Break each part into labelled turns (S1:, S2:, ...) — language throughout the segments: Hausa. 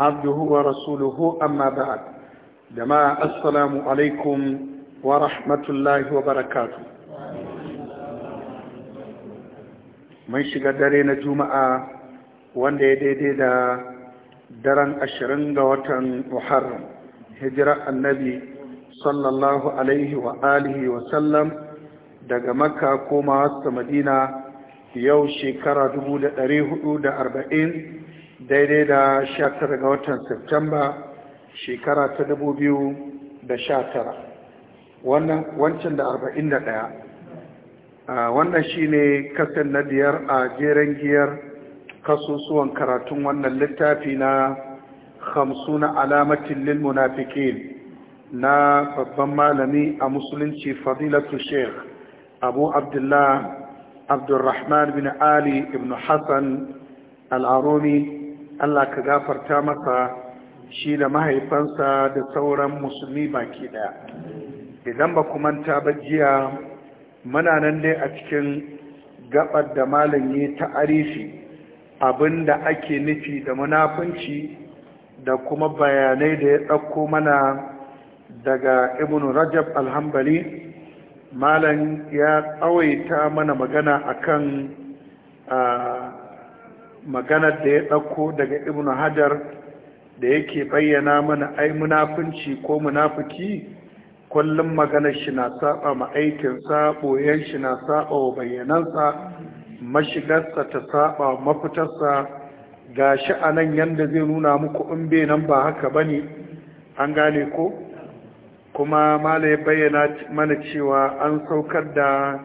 S1: عبده ورسوله أما بعد جماعة السلام عليكم ورحمة الله وبركاته من شغدرين جمعة wanda ya daidai da daren ashirin ga watan muharram hijira annabi sallallahu alaihi wa alihi wa sallam daga maka koma madina yau shekara arba'in. daidai da 19 ga watan Septemba shekara ta 2019 wannan wancan da 41 wannan shine kasan na biyar a jeren giyar kasusuwan karatun wannan littafi na na alamatin lil na babban malami a musulunci fadilatu sheikh abu abdullah bin ali ibn hassan al'arumi Allah ka gafarta masa shi da mahaifansa da sauran musulmi baki daya idan ba manta ba jiya muna nan dai a cikin gabar da malami ta arifi abinda ake nufi da munafunci da kuma bayanai da ya ɗauko mana daga ibn rajab alhambali malam ya tsawaita mana magana akan kan ah, maganar da ya ɗauko daga Ibnu hajar da yake bayyana mana ai munafunci ko munafuki kullum maganar shi na saba ma aikinsa ɓoyen shi na saba wa bayyanansa mashigarsa ta saba mafitarsa ga shi a nan yadda zai nuna muku in bai nan ba haka ba ne an gane ko kuma Malam ya bayyana mana cewa an saukar da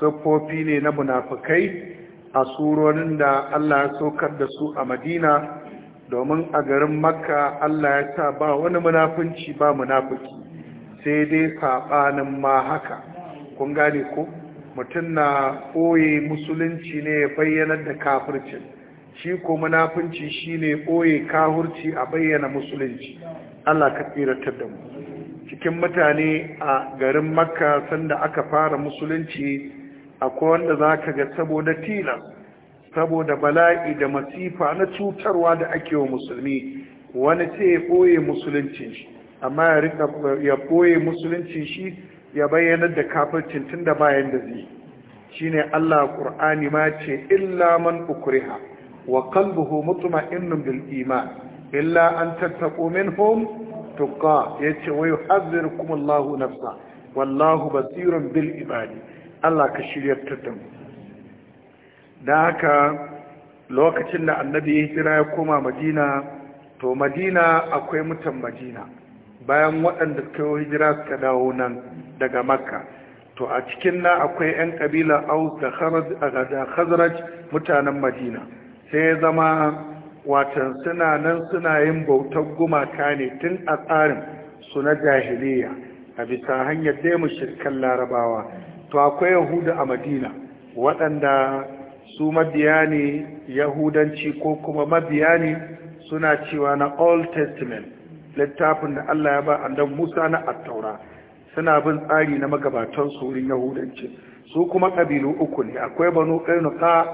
S1: siffofi ne na munafukai a surorin da Allah ya saukar da su a madina domin a garin makka Allah ya sa ba wani munafunci ba munafuki sai dai sabanin ma haka kun gane ko mutum na ɓoye musulunci ne ya bayyana da kafircin shi ko munafunci shi ne ɓoye kahurci a bayyana musulunci Allah ka tsiratar da mu cikin mutane a garin makka sanda aka fara musulunci akwai wanda za ka ga saboda tilas saboda bala'i da masifa na cutarwa da ake wa musulmi wani ce ya ɓoye musuluncin shi amma ya ɓoye musuluncin shi ya bayyana da kafircin tun da bayan da zai shi ne allah ƙur'ani ma ce illa man ukuriha wa kalbuhu mutuma innum bil iman illa an tattaɓo min hom tuka ya ce wai hazir kuma allahu nafsa wallahu basirun bil ibadi Allah ka shirya tattun da haka lokacin da annabi ya hijira ya koma madina to madina akwai mutan madina bayan waɗanda suka yi hijira suka dawo nan daga makka to a cikin na akwai 'yan ƙabila aus da khazraj mutanen madina sai ya zama watan suna nan suna yin bautar gumaka ne tun a tsarin su na jahiliya a bisa hanyar daimu shirkan larabawa to akwai yahuda a madina waɗanda su mabiya ne yahudanci ko kuma mabiya ne suna cewa na old testament littafin da allah ya ba andan musa na attaura suna bin tsari na magabatan tsorin yahudanci su kuma ƙabilu uku ne akwai banu ƙarnuka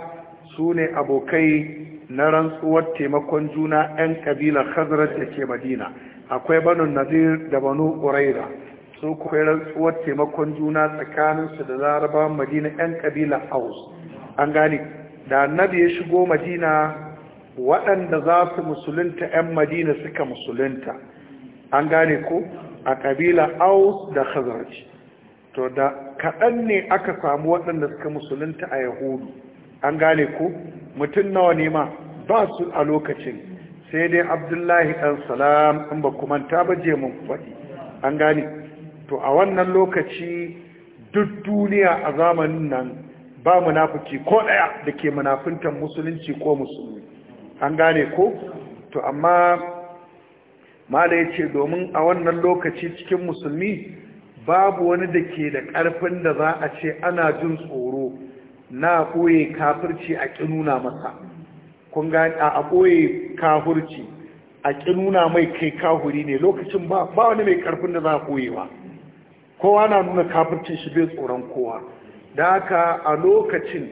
S1: su ne abokai na rantsuwar taimakon juna 'yan ƙabilar hazarar da ke madina akwai banu nazir da banu ƙuraira su kuma rantsuwar taimakon juna tsakaninsu da laraba madina 'yan kabila haus an gane da annabi ya shigo madina waɗanda za su musulunta 'yan madina suka musulunta an gane ko a kabila haus da khazarci to da kaɗan ne aka samu waɗanda suka musulunta a yahudu an gane ko mutum nawa ne ma ba su a lokacin sai dai abdullahi ɗan salam in ba kuma ta baje mun faɗi an gane to a wannan lokaci duk duniya a zamanin nan ba munafiki ko ɗaya da ke munafintar musulunci ko musulmi an gane ko to amma mala ya ce domin a wannan lokaci cikin musulmi babu wani da ke da ƙarfin da za a ce ana jin tsoro na ɓoye kafirci a ƙinuna masa kun gani a ɓoye kafirci a ƙinuna mai kai kahuri ne lokacin ba wani mai karfin da za a koyewa. kowa na nuna kafircin shi bai tsoron kowa da haka a lokacin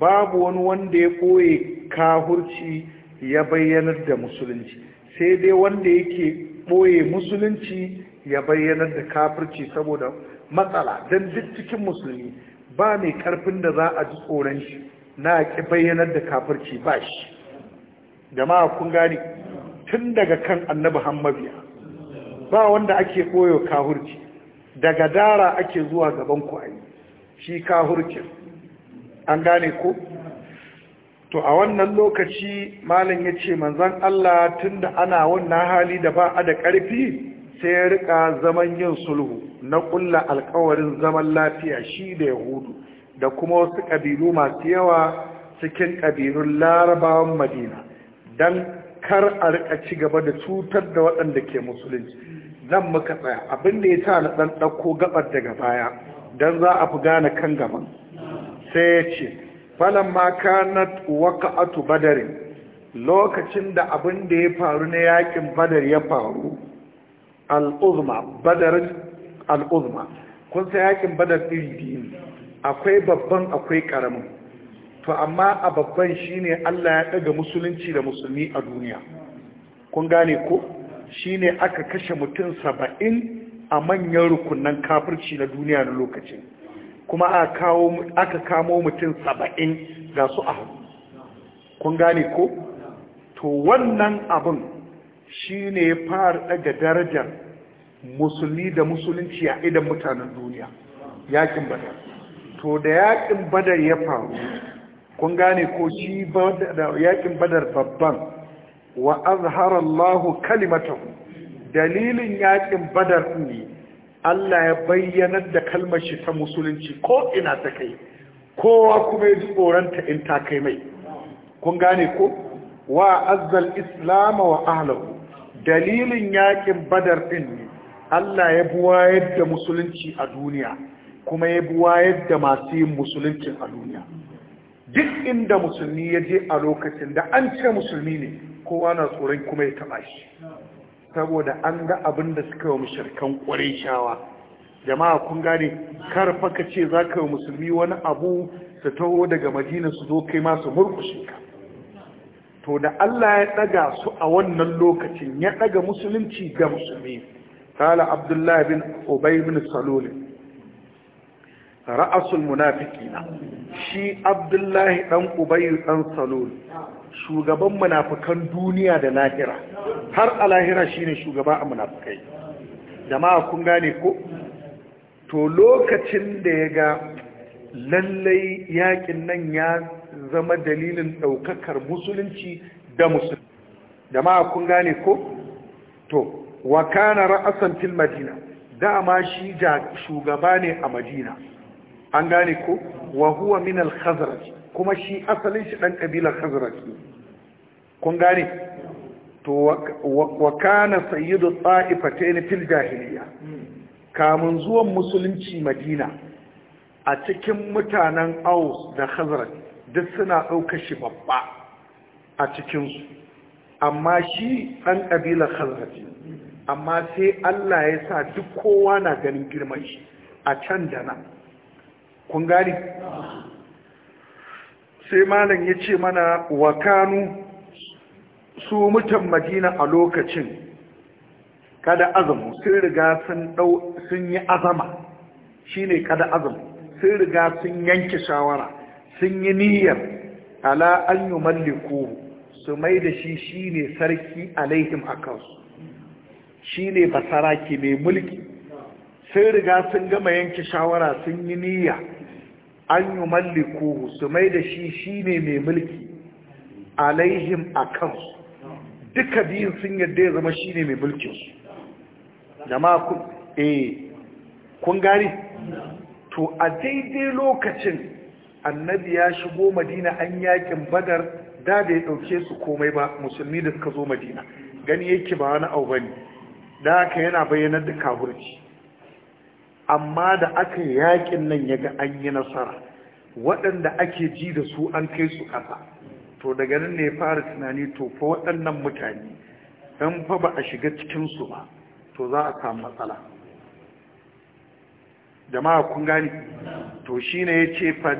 S1: babu wani wanda ya ɓoye kahurci ya bayyanar da musulunci sai dai wanda yake ɓoye musulunci ya bayyanar da kafirci saboda matsala don duk cikin musulmi ba mai karfin da za a ji tsoron shi na ki bayyanar da kafirci ba shi jama'a kun gane tun daga kan annabi hammabiya ba wanda ake ɓoye kahurci daga dara ake zuwa gaban ku ayi shi ka an gane ku. to a wannan lokaci malam ya ce manzan Allah tunda ana wannan hali da ba a da ƙarfi sai ya riƙa zaman yin sulhu na ƙulla alkawarin zaman lafiya shi da yahudu da kuma wasu ƙabilu masu yawa cikin ƙabilun larabawan madina don kar a rika ci gaba da cutar da waɗanda ke musulunci nan muka tsaya abinda ya sa na ɗan ɗauko gabar daga baya don za a fi gane kan gaban sai ya ce falon maka na atu badarin lokacin da abin da ya faru na yakin badar ya faru al'uzma badarin al'uzma kun sa yakin badar iri biyu akwai babban akwai karamin to amma a babban shine Allah ya ɗaga musulunci da musulmi a duniya kun gane ko shine aka kashe mutum saba'in a manyan rukunan kafirci na duniya na lokacin kuma aka kamo mutum saba'in ga su a kun gane ko to wannan abin shi ne ya fara daga darajar musulmi da musulunci a idan mutanen duniya yakin badar to da yakin badar ya faru kun gane ko shi yakin badar babban wa azhara Allahu kalimatan dalilin yakin badar ne Allah ya bayyanar da kalmar shi ta musulunci ko ina ta kai kowa kuma ya tsoranta in ta kai mai kun gane ko wa azzal islam wa ahlahu dalilin yakin badar din ne Allah ya buwayar da musulunci a duniya kuma ya buwayar da masu yin musulunci a duniya duk inda musulmi ya je a lokacin da an ce musulmi ne kowa na tsoron kuma ya taɓa shi saboda an ga abin da suka yi mashirkan ƙwarin shawa jama'a kun gane kar fa ka ce za ka yi musulmi wani abu su taho daga madina su zo kai masu murkushe ka to da Allah ya ɗaga su a wannan lokacin ya ɗaga musulunci ga musulmi kala abdullahi bin obai bin salul ra'asul na shi abdullahi dan obai dan salul shugaban munafukan duniya da lahira har a lahira shine shugaba a munafukai jama'a kun gane ko to lokacin da ya ga lallai yakin nan ya zama dalilin daukakar musulunci da musulunci jama'a kun gane ko to wa kana ra'asan fil madina dama shi shugaba ne a madina an gane ko wa huwa min al-khazraj kuma shi asalin shi dan kabilar khazraj ne kun gane to wa kana sayyidu ta'ifatain fil jahiliya kamun zuwan musulunci madina a cikin mutanen aus da khazraj duk suna dauka shi babba a cikin su amma shi ɗan kabila khazraj amma sai Allah ya sa duk kowa na ganin girman shi a can da nan kun gane sai malam yace mana wa kanu su mutan madina a lokacin kada azamu sun riga sun yi azama shine kada azamu sun riga sun yanke shawara sun yi niyyar ala an yumalliku su mai da shi shine sarki alaihim a kansu shine basaraki mai mulki sun riga sun gama yanke shawara sun yi niyya an yumalliku su mai da shi shine mai mulki alaihim a kansu duka biyun sun yadda ya zama shi ne mai mulkinsu jama'a ku E, kun gani to a daidai lokacin annabi ya shigo madina an yakin badar da da ya ɗauke su komai ba musulmi da suka zo madina gani yake ba wani abu bane da aka yana bayyanar da kaburci amma da aka yakin nan ya ga an yi nasara waɗanda ake ji da su an kai su ƙasa to daga nan ne fara tunani to fa waɗannan mutane ɗan fa ba a shiga cikinsu ba to za a samu matsala jama'a kun gani to shi ne ya yace fa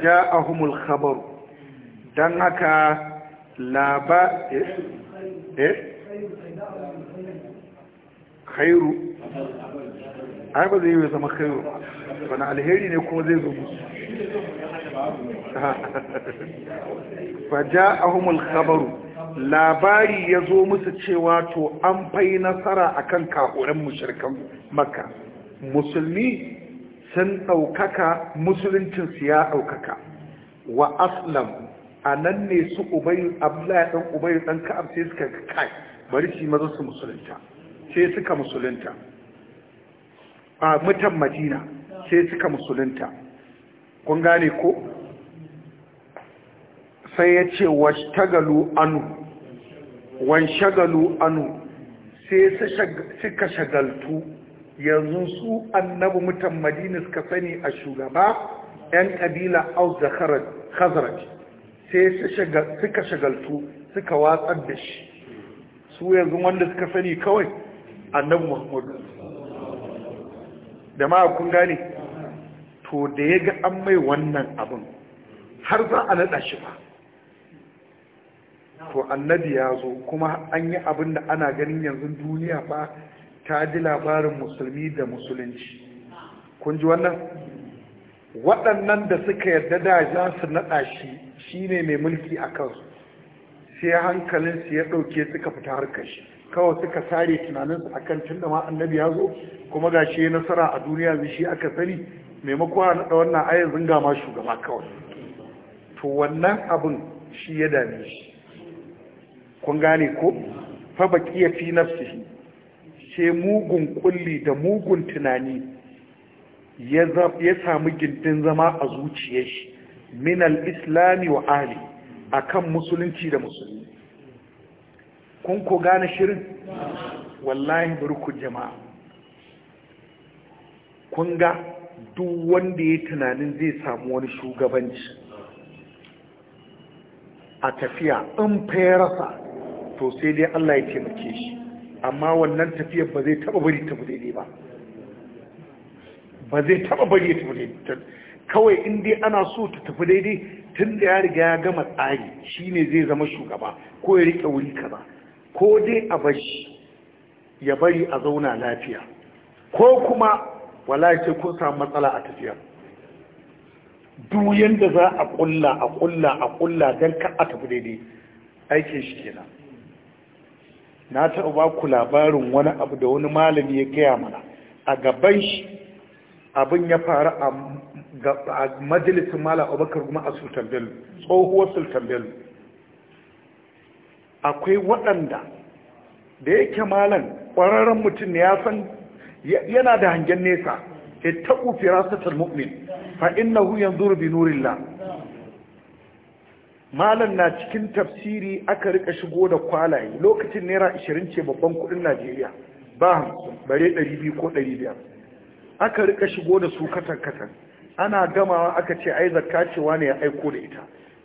S1: humul khabar don haka laba eh, eh khairu ai ba zai zama khairu ba na alheri ne kuma zai zo
S2: musu
S1: faja'ahumul khabaru labari ya zo musu cewa to an fai nasara a akan kafuran mushrikan makka musulmi sun ɗaukaka musuluncinsu ya ɗaukaka wa aslam a nan ne su ubayu abdullahi ɗan ubayu ɗan ka'ab sai suka kai bari shi maza su musulunta sai suka musulunta a mutan madina sai suka musulunta kun gane ko sai ya ce washtagalu anu shagalu anu sai suka shagaltu yanzu su annabi mutan madina suka sani a shugaba yan kabila au da khazraj sai suka shagaltu suka watsar da shi su yanzu wanda suka sani kawai annabi muhammadu da ma kun gane to da ya ga an mai wannan abin har za a naɗa shi ba to annabi ya zo kuma an yi abin da ana ganin yanzu duniya ba ta ji labarin musulmi da musulunci kun ji wannan waɗannan da suka yarda da za su naɗa shi shine mai mulki a kansu sai hankalinsu ya ɗauke suka fita harkar shi kawai suka sare tunaninsu akan tun da ma annabi ya zo kuma ga shi nasara a duniya shi aka sani maimakon a naɗa wannan ayar zunga ma shugaba kawai to wannan abin shi ya dame shi kun gane ko fa baki ya fi shi. sai mugun kulli da mugun tunani ya sami gindin zama a zuciyar shi Minal islami wa ahli akan musulunci da musulmi kun ko gane shirin wallahi ku jama'a kun ga duk wanda ya tunanin zai samu wani shugabanci a tafiya in fayarasa to sai dai Allah ya taimake shi amma wannan tafiyar ba zai taba bari ta daidai ba ba zai taba bari ta daidai kawai in dai ana so ta tafi daidai tun da ya riga ya gama tsari shine zai zama shugaba ko ya rike wuri kaza ko dai a bashi ya bari a zauna lafiya ko kuma wallahi sai kun samu matsala a tafiya duk da za a kulla a kulla a kulla don ka a tafi daidai aikin shi kenan na taɓa ba ku labarin wani abu da wani malami ya gaya mana a gaban shi abin ya faru a majalisun malam abubakar kuma a sultan bello tsohuwar sultan bello akwai waɗanda da yake malam ƙwararren mutum ne ya san yana da hangen nesa ittaqu firasatal mu'min fa innahu yanzuru bi nurillah malam na cikin tafsiri aka rika shigo da kwalaye lokacin naira 20 ce babban kudin Najeriya ba bare 200 ko biyar. aka rika shigo da su katan katan ana gamawa aka ce ai zakka ce wani ya aiko da ita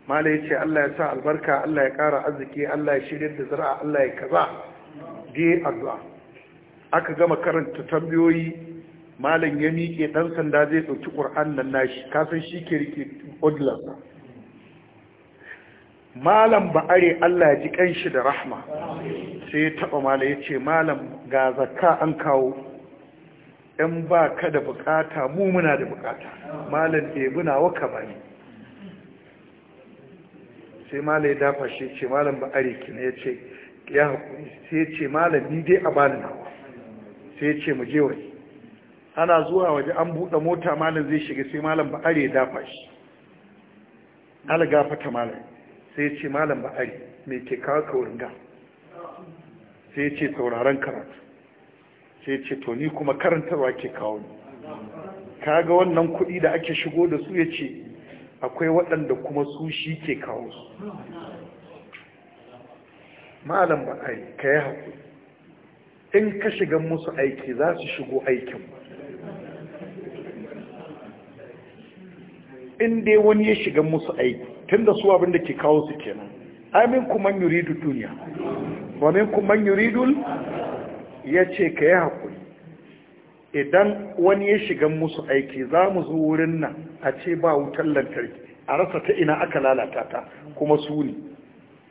S1: Malam ya ce Allah ya sa albarka Allah ya kara arziki Allah ya shirya da zara, Allah ya kaza dai addu'a aka gama karanta tambayoyi malam ya miƙe ɗan sanda zai ɗauki ƙur'an nan nashi kasan shi ke rike odlansa malam ba are Allah ya ji ƙanshi da rahma sai ya taɓa malam ya ce malam ga zakka an kawo ‘yan ba ka da buƙata mu muna da buƙata malam ɗe eh, muna waka ba ne, sai malam ya dafa shi ce malam ba are kina ya ce ya haƙuri sai ya ce malam ni dai a bani nawa sai ya ce mu je waje ana zuwa waje an buɗe mota malam zai shiga sai malam ba are dafa shi algafata malam sai ya ce malam ba are me ke kawo wurin da sai ya ce sauraron karatu sai ya ce to ni kuma karantarwa ke kawo ni kaga wannan kuɗi da ake shigo da su ya ce akwai waɗanda kuma su shi ke kawo su malam ba are ka yi haƙuri in ka shiga musu aiki za su shigo aikin in dai wani ya shiga musu aiki tun da su abin da ke kawo su kenan amin kuma yuridu duniya wamin kuma yuridu ya ce ka yi haƙuri idan wani ya shiga musu aiki za mu zo wurin nan a ce ba wutar lantarki a rasa ta ina aka lalata ta kuma su ne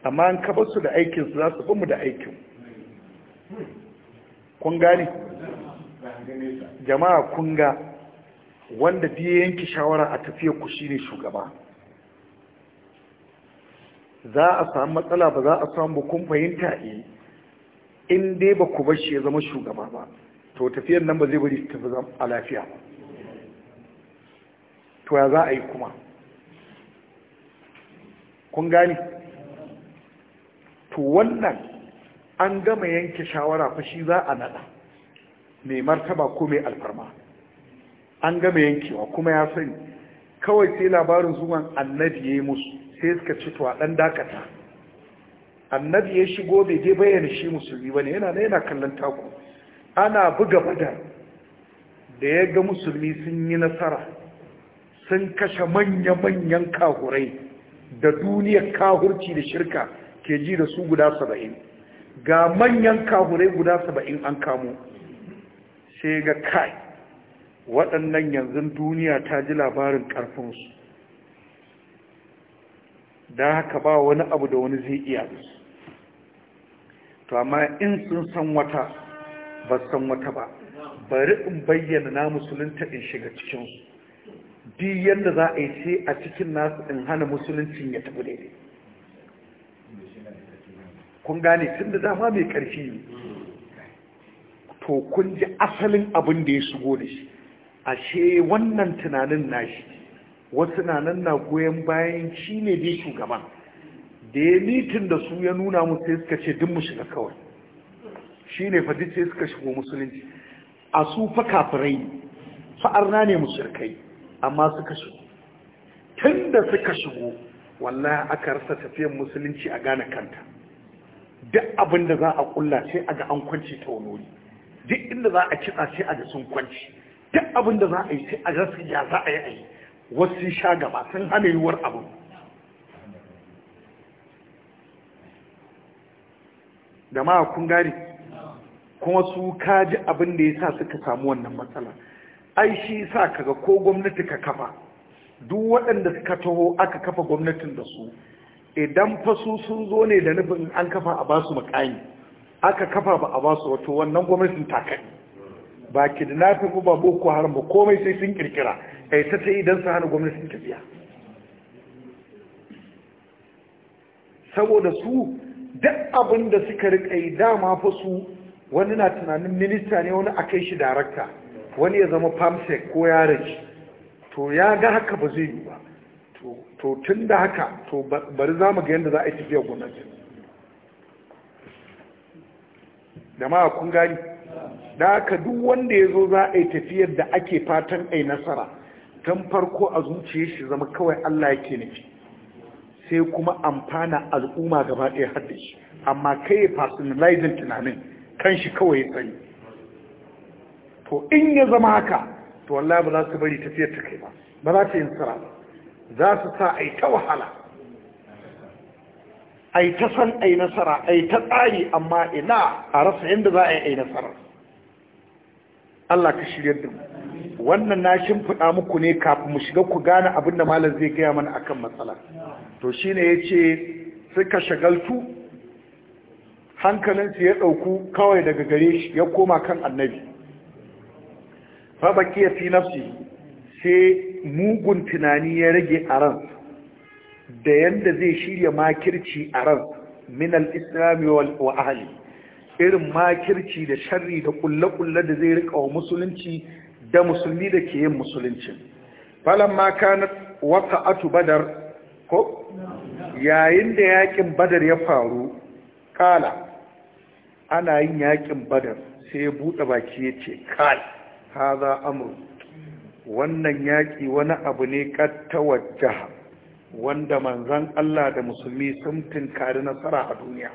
S1: amma an kaba su da aikinsu za su fi mu da aikin kun gane jama'a kun ga wanda biye yanki shawara a tafiya ku shine shugaba za a samu matsala ba za a samu kun fahimta eh in dai ba ku bashi ya zama shugaba ba to tafiyar nan ba zai bari tafi a lafiya ba to ya za a yi kuma kun gane to wannan an gama yanke shawara fa shi za a nada mai martaba ko mai alfarma an gama yankewa kuma ya sani kawai sai labarin zuwan annabi ya yi musu sai suka ci tuwa ɗan dakata annabi ya shigo bai je bayyana shi musulmi ba ne yana na yana kallon taku ana buga bada da ya ga musulmi sun yi nasara sun kashe manya-manyan kahurai da duniyar kahurci da shirka ke ji da su guda saba'in ga manyan kahurai guda saba'in an kamo sai ga kai waɗannan yanzu duniya ta ji labarin ƙarfinsu da haka ba wani abu da wani zai iya to amma in sun san wata ba san wata ba bari in bayyana na musulunta in shiga cikinsu Bi yadda za a yi sai a cikin nasu in hana musuluncin ya tafi daidai kun gane tun da dama mai ƙarfi ne to kun ji asalin abin da ya shigo da shi ashe wannan tunanin nashi wasu na nan na goyon bayan shi ne dai shugaban da ya mitin da su ya nuna mu sai suka ce duk mu shiga kawai shi ne fadi sai suka shigo musulunci a su fa kafirai fa'arna ne musulkai amma suka shigo tun da suka shigo wallahi aka rasa tafiyan musulunci a gane kanta duk abin da za a kulla sai a ga an kwanci ta wani duk inda za a kitsa sai a ga sun kwanci duk abin da za a yi sai a ga su ya za a yi a yi wasu sha gaba sun hana yiwuwar abin da ma kun gari kuma su kaji abin da ya sa suka samu wannan matsala ai shi sa kaga ko gwamnati ka kafa duk waɗanda suka taho aka kafa gwamnatin da su idan fasu sun zo ne da nufin an kafa a basu makani, aka kafa ba a basu wato wannan gwamnatin takai ba kidnapping ba boko haram ba komai sai sun kirkira ai ta ta idan su hana gwamnatin tafiya saboda su duk abin da suka rika yi dama fa wani na tunanin minista ne wani a kai shi darakta wani ya zama sec ko yaranci to ya ga haka ba zai yi ba to tun da haka to bari za mu ga yadda za a yi tafiyar gwamnati Da jama'a kun gani da haka duk wanda ya zo za a yi tafiyar da ake fatan a nasara tun farko a zuciya shi zama kawai allah yake nufi sai kuma amfana al'umma gaba ɗaya har da shi amma kai ya personalizing tunanin kan shi kawai ya sani to in ya zama haka to wallahi ba za su bari tafiyar ta kai ba ba za ta yi nasara ba za su sa a yi ta wahala a yi ta san a yi nasara a yi ta tsari amma ina a rasa inda za a yi nasara Allah ka shirya da mu wannan na shimfiɗa muku ne kafin mu shiga ku gane abin da malam zai gaya mana akan matsala to shi ne ya ce suka shagaltu hankalinsu ya ɗauku kawai daga gare shi ya koma kan annabi fa baƙi ya fi nafsi sai mugun tunani ya rage a ran da yadda zai shirya makirci a ran minal islami wa ahali irin makirci da sharri da kulle-kulle da zai rika wa musulunci da musulmi da ke yin musulunci falon maka na wata atu badar ko yayin da yakin badar ya faru kala ana yin yakin badar sai ya buɗe baki ya ce kal haza amur wannan yaƙi wani abu ne kattawajja wanda manzan Allah da musulmi sun tunkari nasara a duniya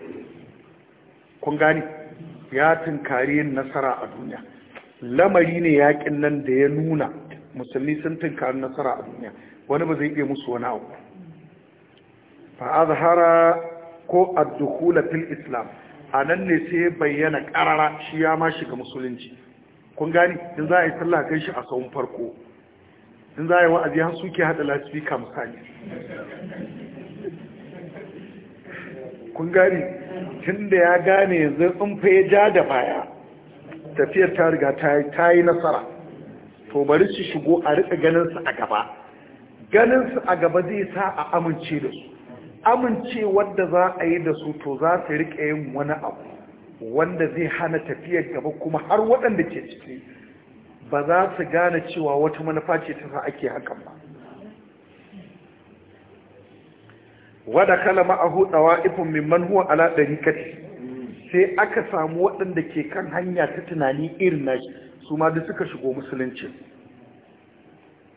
S1: kun gani ya tunkari yin nasara a duniya lamari ne yaƙin nan da ya nuna musulmi sun tunkari nasara a duniya wani ba zai iya musu wani abu fa azhara ko ad-dukhul fil islam anan ne sai bayyana karara shi ya ma shiga musulunci kun gani in za a yi sallah kai shi a tsawon farko in za a yi wa'azi har suke haɗa lasifika misali kun gari tun da ya gane yanzu in fa ya ja da baya tafiyar ta riga ta yi nasara to bari su shigo a rika ganinsu a gaba ganinsu a gaba zai sa a amince da su amince wadda za a yi da su to za su rika yin wani abu wanda zai hana tafiyar gaba kuma har waɗanda ke ciki ba za su gane cewa wata manufa ce ta ake hakan ba wada kala a hudawa ifin mimman huwa ala kati sai aka samu waɗanda ke kan hanya ta tunani irin na su ma da suka shigo musulunci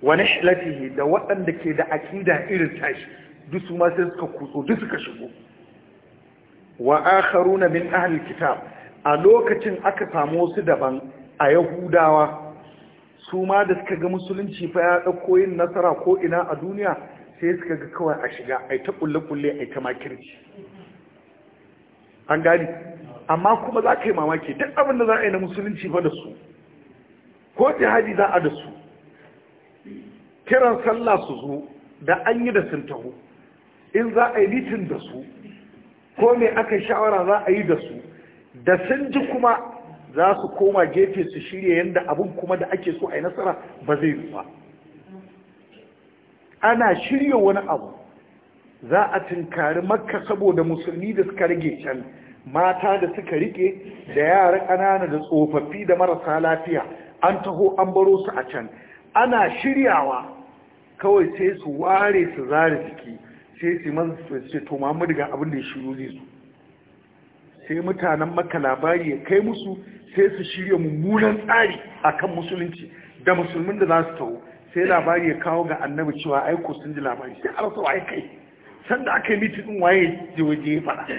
S1: wani hilatihi da waɗanda ke da akida irin tashi duk su ma sai suka kutso duk suka shigo wa akharuna min ahlil kitab a lokacin aka samu wasu daban a yahudawa su ma da suka ga musulunci fa ya ɗauko yin nasara ko ina a duniya sai suka ga kawai a shiga a ta ƙulle-ƙulle a ta makirci an gani amma kuma za ka yi mamaki duk abin da za a yi na musulunci fa da su ko jihadi za a da su kiran sallah su zo da an yi da sun taho in za a yi litin da su ko me aka shawara za a yi da su da sun ji kuma za su koma gefe su shirya yadda abin kuma da ake so a yi nasara ba zai yi ana shirya wani abu za a tunkari makka saboda musulmi da suka rage can mata da suka rike da yara ƙanana da tsofaffi da marasa lafiya an taho an baro su a can ana shiryawa kawai sai su ware su zare suke, sai su man su to Muhammadu ga abin da ya shiru zai su sai mutanen maka labari ya kai musu sai su shirya mummunan tsari a kan musulunci da musulmin da za su tawo sai labari ya kawo ga annabi cewa aiko sun ji labari sai a rasa waye kai sanda aka yi mitin din waye je waje ya fada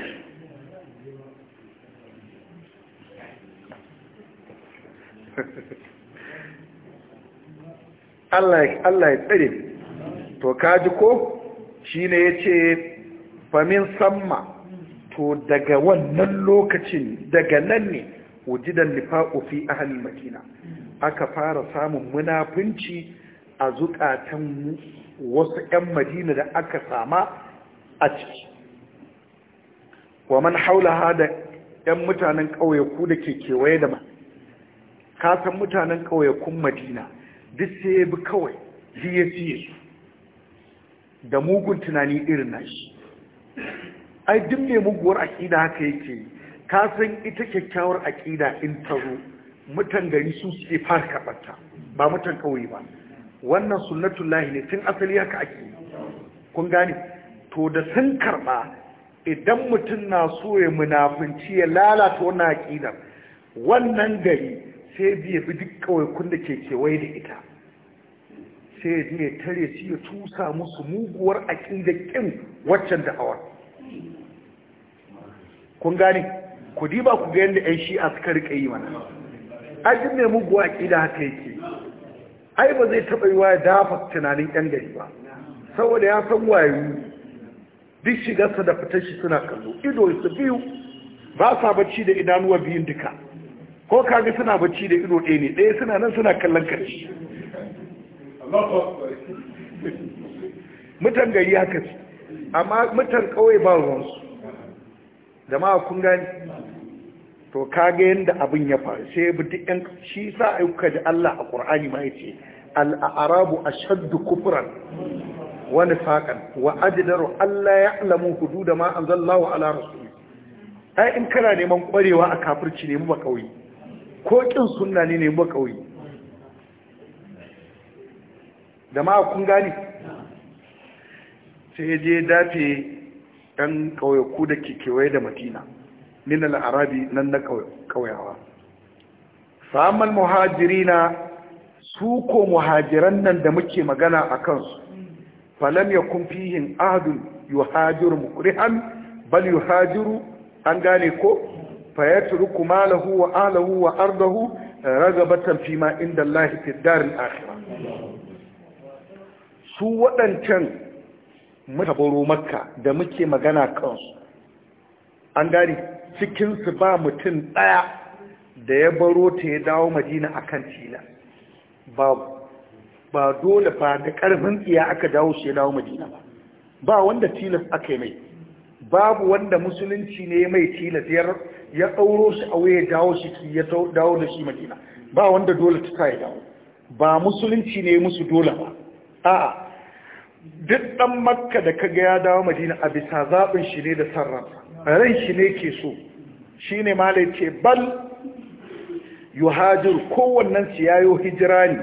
S1: Allah ya tsare to kaji ko ya yace famin samma to daga wannan lokacin daga nan ne wujidan nifaqu fi ahli madina aka fara samun munafunci a zukatan wasu 'yan madina da aka sama a ciki wa man haulaha da 'yan mutanen ƙauyaku da ke kewaye da ma san mutanen ƙauyakun madina duk sai ya bi kawai ziye siye da mugun tunani irin nashi ai duk mai muguwar aƙida haka yake ka san ita kyakkyawar aƙida in ta zo mutan gari su suke fara karɓarta ba mutan ƙauye ba wannan lahi ne tun asali haka ake kun gane to da sun karɓa idan mutum na so ya munafunci ya lalata wannan aƙidar wannan gari sai biya bi duk ƙauyakun da ke kewaye da ita sai ya ya tare shi ya tusa musu muguwar aƙidar ƙin waccan da'awar kun gane ku diba ku ga yadda ‘yan shi'a suka rika yi mana ajin mai muguwa ƙida haka yake ai ba zai taɓa yi wa ya dafa tunanin ‘yan gari ba saboda ya san wayoyi duk shigarsa da fitar shi suna kallo ido su biyu ba sa bacci da idanuwa biyun duka ko kaga suna bacci da ido ɗaya ne ɗaya suna nan suna kallon karshe mutan gari haka ce amma mutan kawai ba ruwansu jama'a kun gani to kage yanda abin ya faru sai bi duk yan shi sa ai kuka ji Allah a Qur'ani ma yace al-arabu ashaddu kufran wa nifaqan wa ajdaru alla ya'lamu hudud ma anzalallahu ala rasuli ai in kana neman kwarewa a kafirci ne mu ba kauyi ko kin sunna ne ne mu ba kauyi jama'a kun gani sai je dafe ɗan ƙauyaku da ke kewaye da madina min al'arabi nan na ƙauyawa samun muhajiri na su ko muhajiran nan da muke magana a kansu falam ya kumfihin ahadun yuhajiru mukrihan bal yuhajiru an gane ko fayaturu kumalahu lahu wa alahu wa ardahu ragabatan fima inda Allahi fi darin akhirah su waɗancan mutaboro makka da muke magana kansu an gari cikinsu ba mutum ɗaya da ya baro ta ya dawo madina a kan tila ba dole ba da karfin tsiya aka dawo shi ya dawo madina ba ba wanda tilas aka yi mai babu wanda musulunci ne mai tilas ya tsauro shi a waya dawo shi ya dawo da shi madina ba wanda dole ta ya dawo ba musulunci ne musu dole ba a'a duk ɗan makka da kaga ya dawo madina a bisa zaɓin shi ne da sarra ran shi ne ke so shi ne ce bal hajjir kowannen su yi hijira ne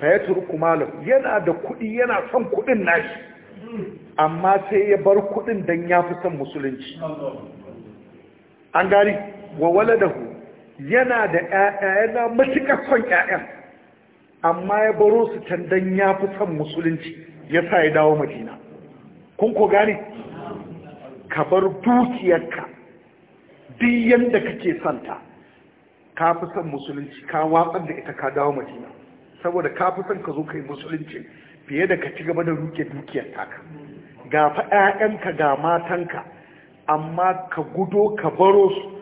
S1: fayatur kumalar yana da kuɗi yana son kuɗin nashi amma sai ya bar kuɗin don ya fi son musulunci an gani wa waladahu yana da ƴaƴa yana matuƙar son 'ya'yan. amma ya baro su can don ya fi son musulunci ya sa ya dawo madina kun ko gane ka bar dukiyarka duk yadda kake santa ka fi son musulunci ka watsar da ita ka dawo madina saboda ka fi son ka zo kai musulunci fiye da ka ci gaba da ruke dukiyar taka ga fa ƴaƴanka ga matanka amma ka gudo ka baro su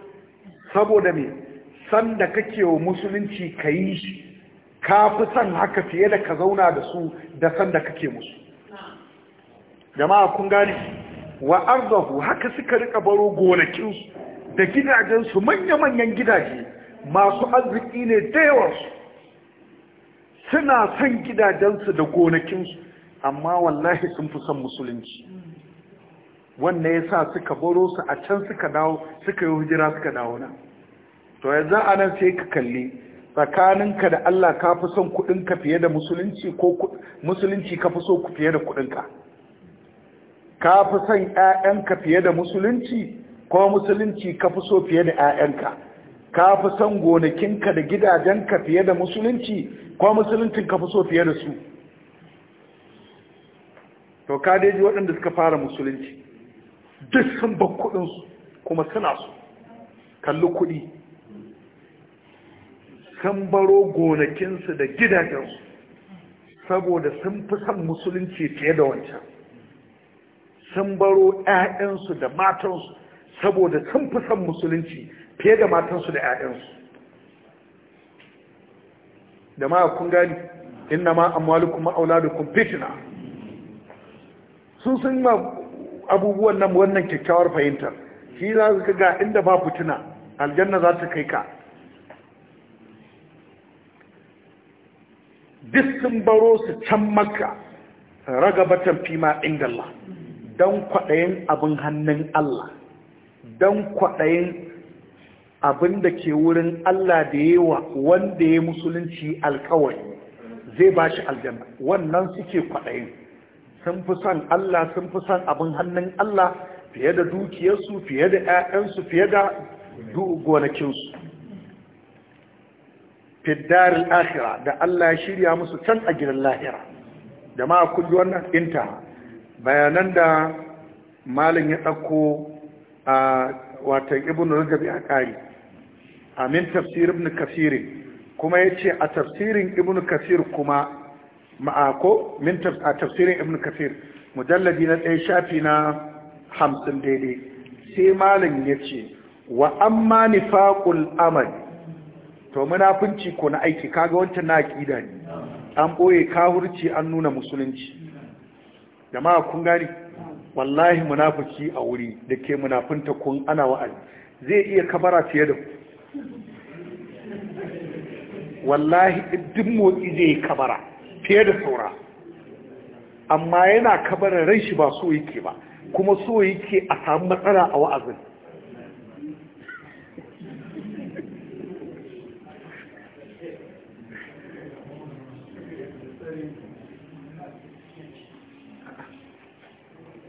S1: saboda me sanda da kake wa musulunci ka yi shi ka fi son haka fiye da ka zauna da su da san da kake musu jama'a kun gani wa arzahu haka suka rika baro gonakinsu da gidajensu manya-manyan gidaje masu arziki ne da yawansu suna son gidajensu da gonakinsu amma wallahi sun fi son musulunci wannan ya sa suka baro su a can suka dawo suka yi hujira suka dawo na to yanzu a nan sai ka kalli tsakaninka da Allah ka fi son kudinka fiye da musulunci ko musulunci ka fi so fiye da kudinka ka fi son ƴaƴanka fiye da musulunci ko musulunci ka fi so fiye da ƴaƴanka ka fi son gonakinka da gidajenka fiye da musulunci ko musulunci ka fi so fiye da su to ka daji waɗanda suka fara musulunci duk sun ba kudinsu kuma suna su kalli kudi sun baro gonakinsu da gidajensu saboda sun fi son musulunci fiye da wancan sun baro 'ya'yansu da matansu saboda sun fi son musulunci fiye da matansu da 'ya'yansu da ma kun gani inna ma amwalukum wa kun fitina? sun sun ma abubuwan nan wannan kyakkyawar fahimtar shi za su ga inda ba fitina aljanna za ta kai ka duk sun baro su can maka ragabatan fima inda Allah don kwaɗayin abin hannun Allah don kwaɗayin abin da ke wurin Allah da yawa wanda ya musulunci alkawari zai ba shi aljanna wannan suke kwaɗayin sun fi son Allah sun fi son abin hannun Allah fiye da dukiyarsu fiye da 'ya'yansu fiye da gonakinsu fiddaril akhira da Allah ya shirya musu can a gidan lahira jama'a kun ji wannan inta bayanan da malin ya ɗauko a watan ibn rajab ya ƙari amin tafsir ibn kasirin kuma ya ce a tafsirin ibn kasir kuma ma'ako min a tafsirin ibn kasir mujalladi na ɗaya shafi na hamsin daidai sai malin ya ce wa amma nifaqul amali to munafunci ko na aiki kaga wancan na aqida ne an boye kafirci an nuna musulunci jama'a kun gani wallahi munafiki a wuri da ke munafinta kun ana wa'azi zai iya kabara fiye da wallahi duk motsi zai kabara fiye da saura amma yana kabara ran shi ba so yake ba kuma so yake a samu matsala a wa'azin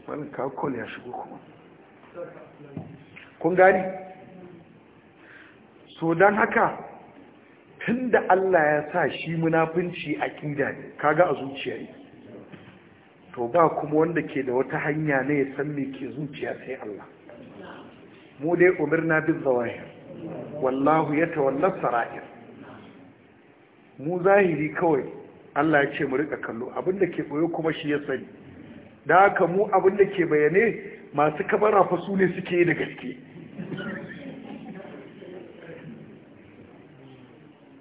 S1: wani kakol ya shigo kuma kun gani so don haka tun da Allah ya sa shi munafunci a ƙida ne kaga a zuciya ne to ba kuma wanda ke da wata hanya ne ya san me ke zuciya sai Allah mu dai na bin zawahir wallahu ya tawallar sara'ir mu zahiri kawai Allah ya ce mu rika kallo abinda ke koyo kuma shi ya sani da haka mu abin da ke bayane masu kabara fa su ne suke da gaske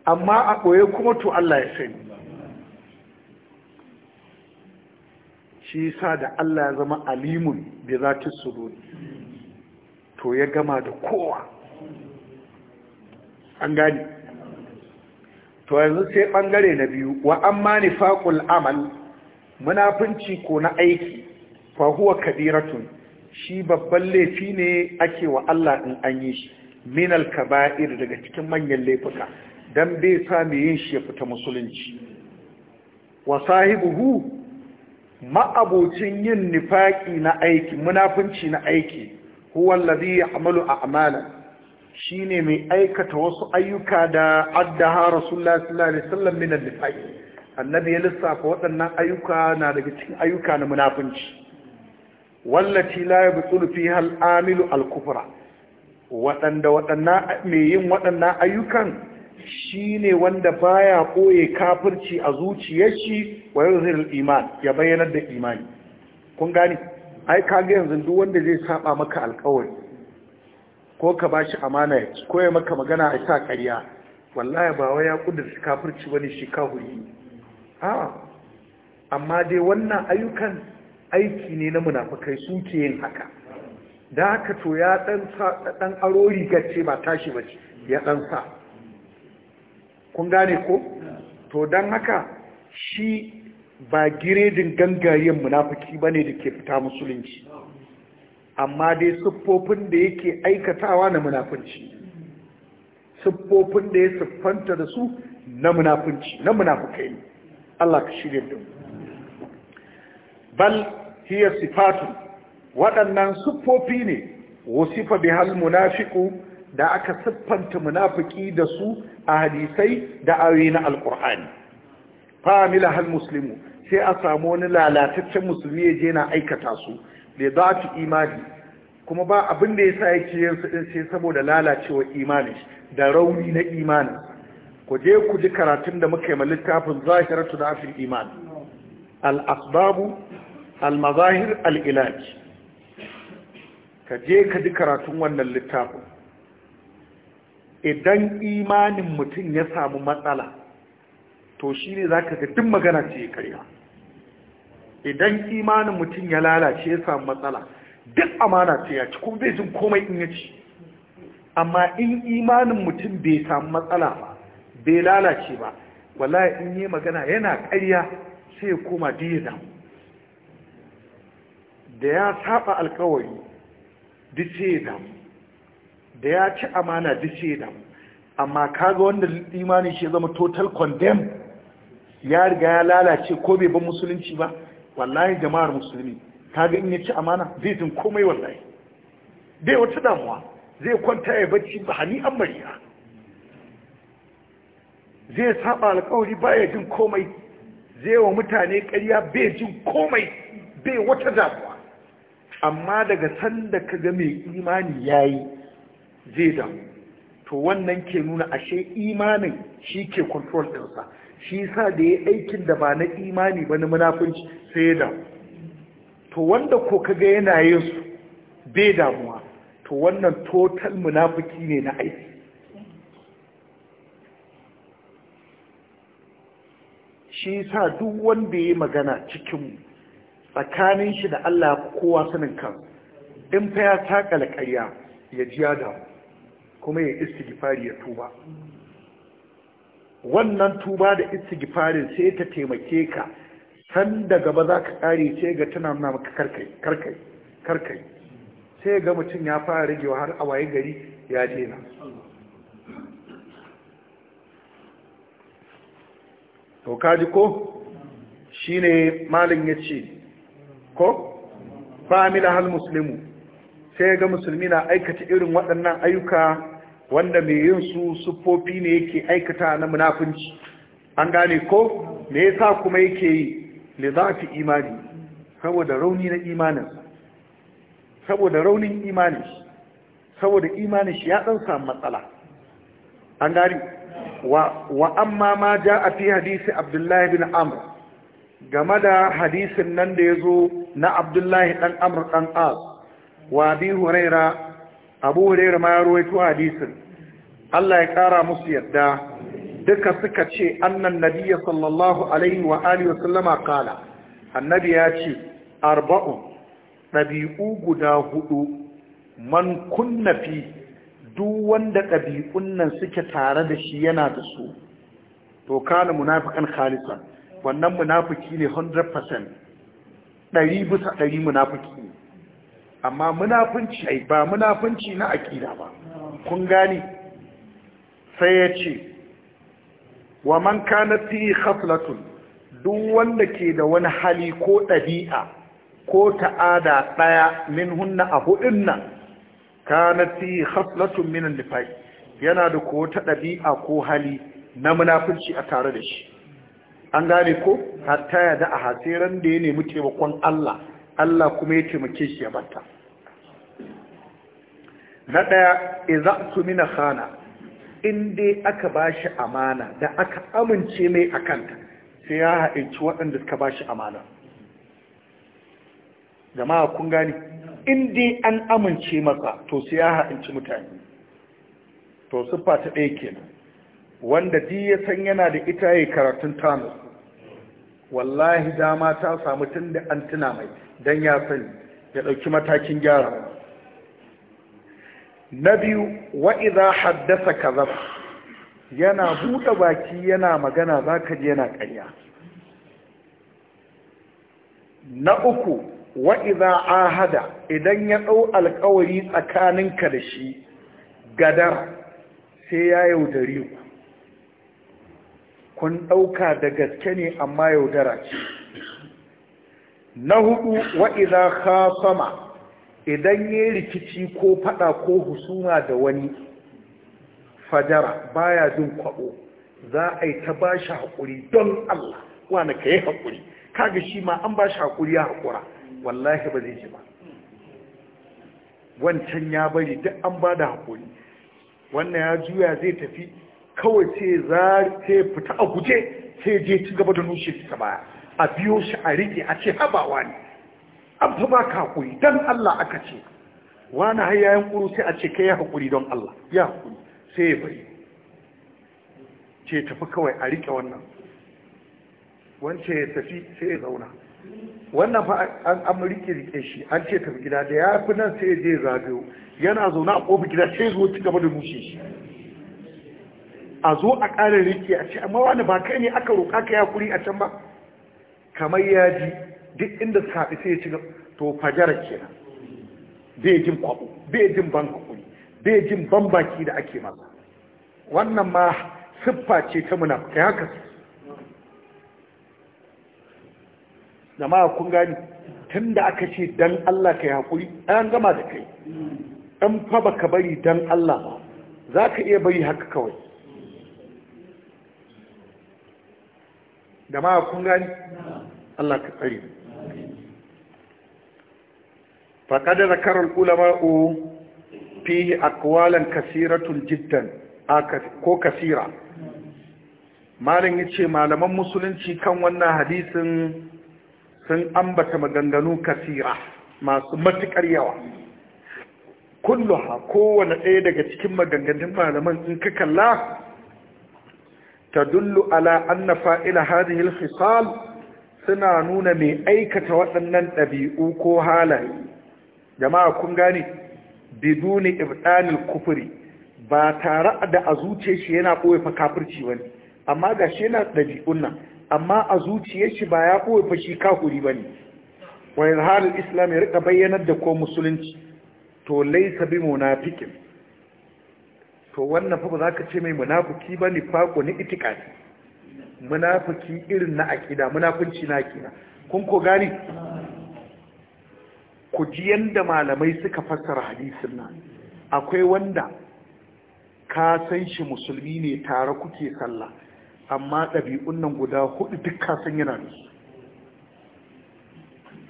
S1: amma a ɓoye kuma to Allah ya sani shi sa da Allah ya zama alimun bi zati sudur to ya gama da kowa an gani to yanzu sai bangare na biyu wa amma nifaqul amal munafunci ko na aiki fa huwa kabiratun shi babban laifi ne ake wa Allah in an yi shi min al-kaba'ir daga cikin manyan laifuka dan bai sa me yin shi ya fita musulunci wa sahibuhu ma'abocin yin nifaki na aiki munafunci na aiki huwa alladhi ya'malu a'mala shine mai aikata wasu ayyuka da addaha rasulullahi sallallahu alaihi wasallam min al nifaki annabi ya lissafa waɗannan ayyuka na daga cikin ayyuka na munafunci wallaci la ya butsulu fi hal amilu al-kufra waɗanda waɗannan mai yin waɗannan ayyukan shine wanda baya koye kafirci a zuciyar shi wa yuzhirul iman ya bayyanar da imani kun gani ai ga yanzu duk wanda zai saba maka alƙawari ko ka ba shi amana ko ya maka magana a sa ƙarya wallahi ba wai ya kudurci kafirci bane shi kahuri a'a amma dai wannan ayyukan aiki ne na munafukai suke yin haka da haka to ya dan aro rigar ce ba tashi ba ce ya dan sa kun gane ko to don haka shi ba giredin gangariyan munafuki ba ne da ke fita musulunci amma dai siffofin da yake aikatawa na munafunci siffofin da ya siffanta da su na munafunci na munafukai ne Allah ka shirya ɗin. bal hiya sifatu waɗannan siffofi ne wasifa hal munafiku da aka siffanta munafiki da su a hadisai da awi na alkur'ani famila hal musulmi sai a samu wani lalataccen musulmi ya je na aikata su da za imani kuma ba abin da ya sa yake yin su sai saboda lalacewar imani da rauni na imani ku je ku ji karatun da muka yi littafin zahiratu da afin iman al-asbabu al-mazahir al-ilaj ka je ka ji karatun wannan littafin idan imanin mutum ya samu matsala to shi ne za ka ga duk magana ce ya karya idan imanin mutum ya lalace ya samu matsala duk amana ce ya ci kuma bai jin komai in ya ci amma in imanin mutum bai samu matsala ba bai lalace ba wallahi in yi magana yana ƙarya sai ya koma da ya saba alkawari duk sai damu da ya ci amana duk sai damu amma kaga wanda imani shi zama total condemn ya riga ya lalace ko bai ban musulunci ba wallahi jama'ar musulmi kaga in ya ci amana zai jin komai wallahi dai wata damuwa zai kwanta ya bacci ba hani an mariya zai saba alkawari baya jin komai zai wa mutane ƙarya bai jin komai bai wata damuwa amma daga sanda ka ga mai imani yayi zai damu to wannan ke nuna ashe imanin shi ke control ɗinsa shi sa da ya aikin da ba na imani ba na munafunci sai ya damu to wanda ko ka ga yana yin su bai damuwa to wannan total munafuki ne na aiki shi sa duk wanda ya magana cikin tsakanin shi da Allah kowa sanin kan in fa ya taka alƙarya ya jiya ya kuma ya istighfari ya tuba wannan tuba da istighfarin sai ta taimake ka san da gaba za ka ƙare sai ga tana nuna maka karkai karkai karkai sai ga mutum ya fara rigewa har a waye gari ya daina to kaji ko shi ne malin ya ce ko fa'amila hal musulmi sai ga musulmi na aikata irin waɗannan ayyuka wanda mai yin su sufofi ne yake aikata na munafunci an gane ko me yasa kuma yake yi le za fi imani saboda rauni na imanin saboda raunin imanin saboda imanin shi ya ɗan samu matsala an gane wa amma ma ja a fi hadisi abdullahi bin amr game da hadisin nan da ya zo na abdullahi ɗan amr ɗan wa bi huraira abu huraira ma ya rawaito hadisin Allah ya ƙara musu yadda duka suka ce annan nabiyya sallallahu alaihi wa alihi wasallama kala annabi ya ce arba'un ɗabi'u guda huɗu. man kunna fi duk wanda ɗabi'un nan suke tare da shi yana da su to kana munafikan khalisan wannan munafiki ne 100% ɗari bisa ɗari munafiki ne amma munafunci ai ba munafunci na aƙida ba kun gane sai ya ce wa man kana fi khaflatun duk wanda ke da wani hali ko ɗabi'a ko ta'ada ɗaya min hunna a hudun nan kanati fi khaslatun min nifaq yana da ko ta dabi'a ko hali na munafici a tare da shi an gane ko hatta ya da a hasiran da ya nemi taimakon Allah Allah kuma ya taimake shi ya bata na daya idza min khana in dai aka bashi amana da aka amince mai akanta sai ya ci waɗanda suka bashi amana jama'a kun gane in dai an amince masa to sai ya ha'inci mutane to siffa ta ɗaya kenan wanda ji ya san yana da ita ya karatun tanu wallahi dama ta samu tun da an tuna mai don ya sani ya ɗauki matakin gyara na biyu wa'iza haddasa kazaf yana buɗe baki yana magana zaka ka ji yana ƙarya na uku wa idza ahada idan ya dau alkawari tsakaninka da shi gadar sai ya yaudari ku kun ɗauka da gaske ne amma yaudara ce na hudu wa idza khasama idan ya rikici ko fada ko husuma da wani fajara baya jin kwabo za a yi ta bashi haƙuri don Allah wani ka yi haƙuri kaga shi ma an bashi haƙuri ya haƙura wallahi ba zai ji ba wancan ya bari duk an ba da haƙuri wannan ya juya zai tafi kawai sai ta fita a guje sai je ci gaba da nushe ta baya a biyo shi a rike a ce habawa ne an fi ba ka haƙuri don Allah aka ce wani har yayin ƙuru sai a ce ka yi haƙuri don Allah ya haƙuri sai ya bari ce tafi kawai a rike wannan wancan ya tafi sai ya zauna wannan fa an amurike rike shi an ce tafi gida da ya fi nan sai je zagayo yana zaune a ƙofi gida sai zo ci gaba da rushe shi a zo a ƙarin rike a ce amma wani ba kai ne aka roƙa ka yakuri a can ba kamar ya ji duk inda su haɗu sai ya ci to fajara kenan bai jin kwabo bai jin ban kuɗi bai jin ban baki da ake masa wannan ma siffa ce ta munafuka haka kasu. jama'a kun gani tun da aka ce dan Allah ka yi haƙuri an gama da kai ɗan fa ba ka bari dan Allah ba za ka iya bari haka kawai jama'a kun gani Allah ka tsari faƙad zakarar ulama'u fihi akwalan kasiratun jiddan ko kasira malin yace malaman musulunci kan wannan hadisin sun ambata maganganu kasira masu matukar yawa kulluha kowane ɗaya daga cikin maganganun malaman in ka kalla ta dullu ala anna fa'ila hadhihi al-khisal suna nuna mai aikata waɗannan ɗabi'u ko halaye jama'a kun gane biduni ibdanil kufri ba tare da a zuce shi yana ɓoye fa kafirci wani amma ga shi yana ɗabi'un nan amma a zuciyar shi ba ya koyi ka shi ba ne. wani izharul islam ya rika bayyanar da ko musulunci to laisa bi munafikin. to wannan fa ba za ka ce mai munafiki ne fako ni ne? munafiki irin na akida munafunci na akida kun ko gani ku ji yanda malamai suka fassara hadisin nan akwai wanda ka san shi musulmi ne tare kuke sallah amma ɗabi'un nan guda hudu dukka sun yana da su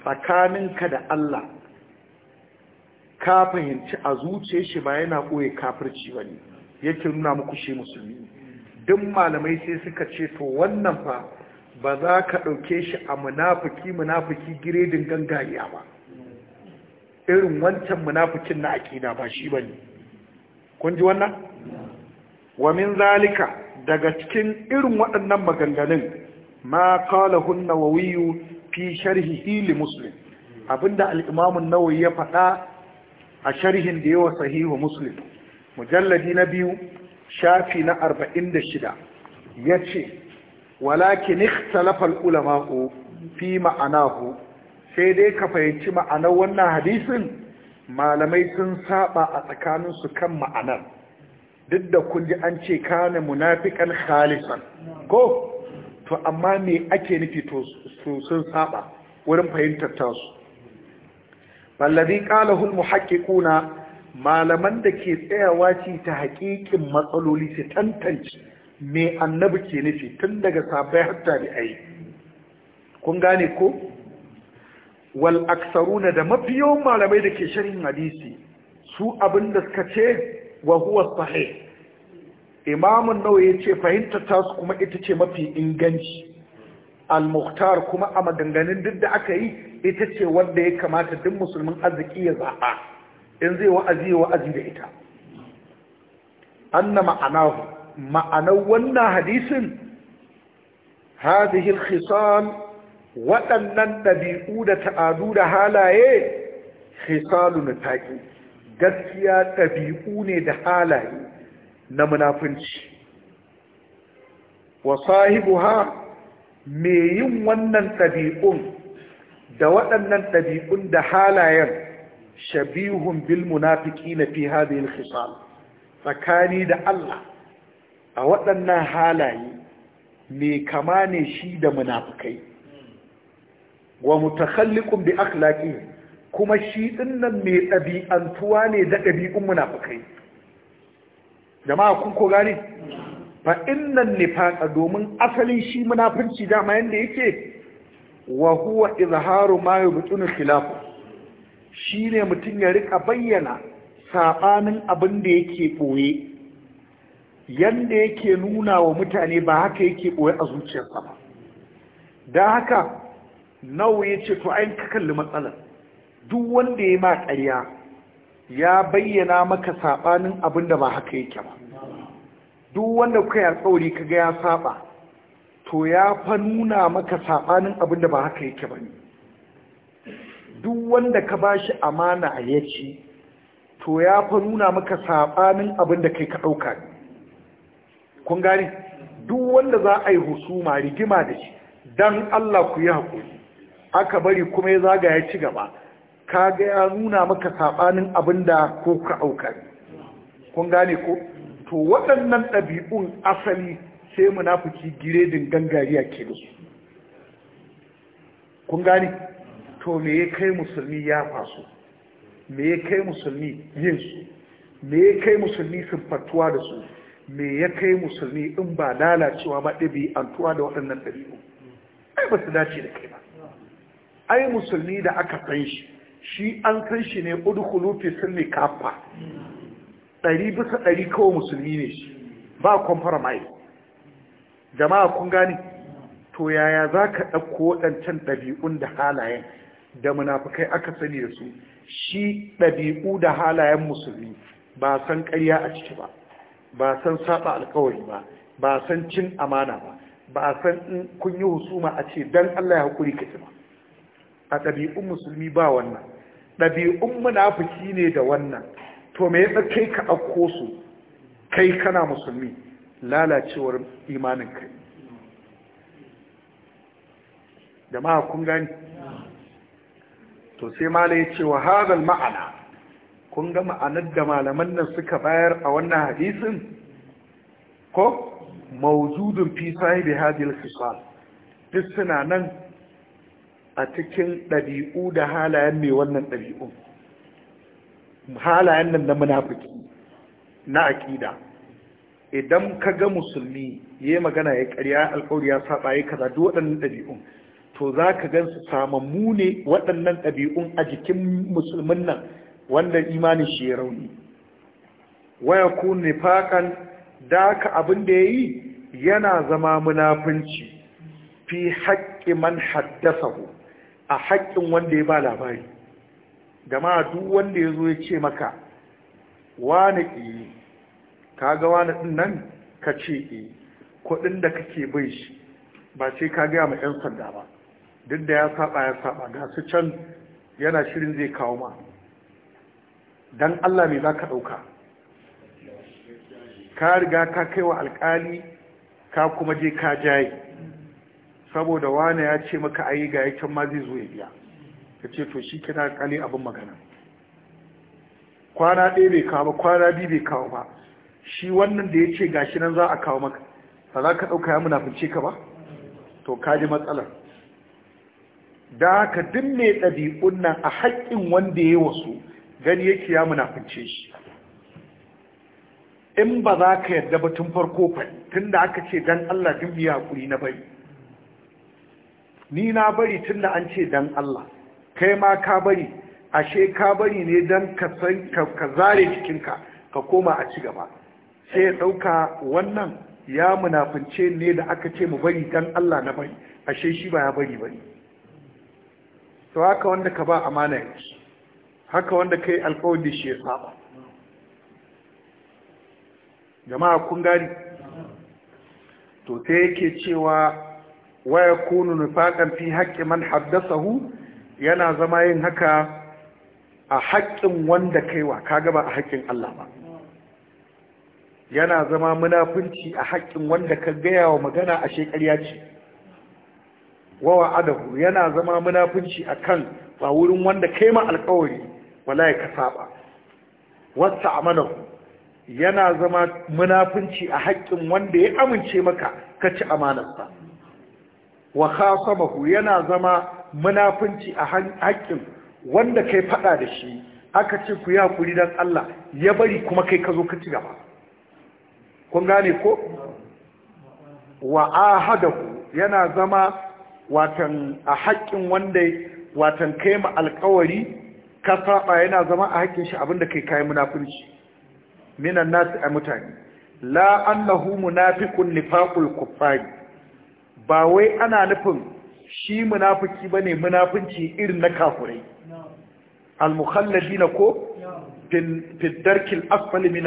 S1: tsakaninka da Allah ka fahimci a zuce shi ba yana ɓoye kafirci ba ne yake nuna muku shi musulmi duk malamai sai suka ce to wannan fa ba za ka ɗauke shi a munafuki munafiki giredin gangariya ba irin wancan munafukin na aƙida ba shi ba ne kun ji wannan wa min zalika daga cikin irin waɗannan maganganun ma hunna wa wiyu fi sharhi hili muslim abinda al-imam ya faɗa a sharhin da yawa sahihu muslim mujalladi na biyu shafi na arba'in da shida, ya ce walakin ikhtalafa al-ulama fi ma'anahu sai dai ka fahimci ma'anar wannan hadisin malamai sun saba a tsakaninsu kan ma'anar duk da kun ji an ce kana munafikan khalisan ko to amma me ake nufi to sun saba wurin fahimtar tasu ballazi qalahu almuhaqqiquna malaman da ke tsayawa ci ta haƙiƙin matsaloli su tantance me annabi ke nufi tun daga sabai har ai kun gane ko wal aksaruna da mafiyon malamai da ke sharhin hadisi su abinda suka ce wa huwa sahih imamun nawa ya ce fahimtar tasu kuma ita ce mafi inganci al-mukhtar kuma a maganganun duk da aka yi ita ce wanda ya kamata duk musulmin arziki ya zaɓa in zai wa'azi wa'azi da ita anna ma'anahu ma'anar wannan hadisin hadihil al-khisal waɗannan ɗabi'u da ta'adu da halaye khisalu taƙi. gaskiya ɗabi'u ne da halaye na munafunci wa ha, me yin wannan ɗabi'un da waɗannan ɗabi'un da halayen shabihun bil munafiki na fi hadhihi al tsakani da Allah a waɗannan halaye me kama ne shi da munafukai. wa mutakhalliqun bi akhlaqihim kuma shi ɗin nan mai ɗabi'antuwa ne da ɗabi'un munafukai jama'a kun ko gane fa innan nifaqa domin asalin shi munafunci dama yanda yake wa huwa izharu ma yubtunu khilafu shine mutum ya rika bayyana saɓanin abin da yake boye yanda yake nuna wa mutane ba haka yake ɓoye a zuciyarsa ba da haka nawa ce to ayin ka kalli matsalar duk wanda ya ma ƙarya ya bayyana maka saɓanin abin da ba haka yake ba duk wanda kuka ya tsauri kaga ya saɓa to ya fa nuna maka saɓanin abin da ba haka yake ba ne duk wanda ka ba shi amana a ya to ya fa nuna maka saɓanin abin da kai ka ɗauka ne kun gane duk wanda za a yi husuma rigima da shi don allah ku yi haƙuri aka bari kuma ya zaga ya ci gaba kaga ya nuna maka sabanin abinda ko ka aukari kun gane ko to waɗannan ɗabi'un asali sai munafiki giredin gangariya ke da su kun gane to me ya kai musulmi ya faso me ya kai musulmi yin su me ya kai musulmi sun siffantuwa da su me ya kai musulmi in ba lalacewa ba ɗabi'antuwa da waɗannan ɗabi'un? ai ba su dace da kai ba ai musulmi da aka san shi shi an san shi ne udkhulu fi ne kafa ɗari bisa ɗari kawai musulmi ne shi ba kwamfara mai jama'a kun gane to yaya za ka ɗauko waɗancan ɗabi'un da halayen da munafukai aka sani da su shi ɗabi'u da halayen musulmi ba san ƙarya a ciki ba ba san saba alkawari ba ba san cin amana ba ba san in kun yi husuma a ce dan Allah ya hakuri ka ba a ɗabi'un musulmi ba wannan ɗabi'un munafiki ne da wannan to me yasa kai ka ɗauko su kai kana musulmi lalacewar imanin kai jama'a kun gani to sai mala ya ce wa ma'ana kun ga ma'anar da malaman nan suka bayar a wannan hadisin ko mawjudun fi sahibi hadil fisal duk suna nan a cikin ɗabi'u da halayen mai wannan ɗabi'u halayen nan na munafiki na aƙida idan ka ga musulmi ya yi magana ya ƙarya alƙawari ya saba ya kaza duk waɗannan ɗabi'un to za ka gan su samammu ne waɗannan ɗabi'un a jikin musulmin nan wanda imanin shi ya rauni waya ku nifaƙan da ka abin da ya yi yana zama munafunci fi haƙƙi man haddasa a haƙƙin wanda ya ba labari gama duk wanda ya zo ya ce maka wani ƙi e, ka ga wane nan ka ce ƙi e, kuɗin da kake bai shi ba sai ka gaya ma 'yan sanda ba duk da ya saba ya saba ga su can yana shirin zai kawo ma don allah mai za ka ɗauka ka riga ka kai wa alƙali ka kuma je ka jaye saboda wane ya ce maka ayi ga ya can ma zai zo ya biya ka ce to shi kina kale abin magana kwana ɗaya bai kawo ba kwana biyu bai kawo ba shi wannan da ya ce ga shi nan za a kawo maka ba za ka ɗauka ya munafince ka ba to ka ji matsalar da haka duk mai ɗabi'un nan a haƙƙin wanda ya wasu gani yake ya munafince shi in ba za ka yarda ba tun farko fa tun da aka ce dan Allah duk ya haƙuri na bai ni na bari tun da an ce dan Allah kai ma ka bari ashe ka bari ne dan ka ka zare jikinka ka koma a ci gaba sai ya ɗauka wannan ya munafince ne da aka ce mu bari dan Allah na bari ashe shi ba ya bari bari to haka wanda ka ba amana yake haka wanda kai alƙawari shi ya saba jama'a kun gari to sai yake cewa Waya yakunu nifaqan fi haqqi man haddathahu yana zama yin haka a haƙƙin wanda kaiwa kaga ba a haƙƙin Allah ba yana zama munafunci a haƙƙin wanda ka gaya wa magana a shekarya ce wawa adahu yana zama munafunci a kan ba wurin wanda kai ma alkawari wala ya ka saba wata amanahu yana zama munafunci a haƙƙin wanda ya amince maka ka ci amanar amanarsa wa khasamahu yana zama munafunci a haƙƙin wanda kai faɗa da shi aka ce ku yi hakuri dan Allah ya bari kuma kai ka zo ka ci gaba kun gane ko wa ahadahu yana zama watan a haƙƙin wanda watan kai ma alƙawari ka saba yana zama a haƙƙin shi abinda kai kai munafunci. minan nasu a mutane la annahu munafiqun nifaqul kuffari ba wai ana nufin shi munafiki bane munafinci irin na kafurai al na ko fil asfali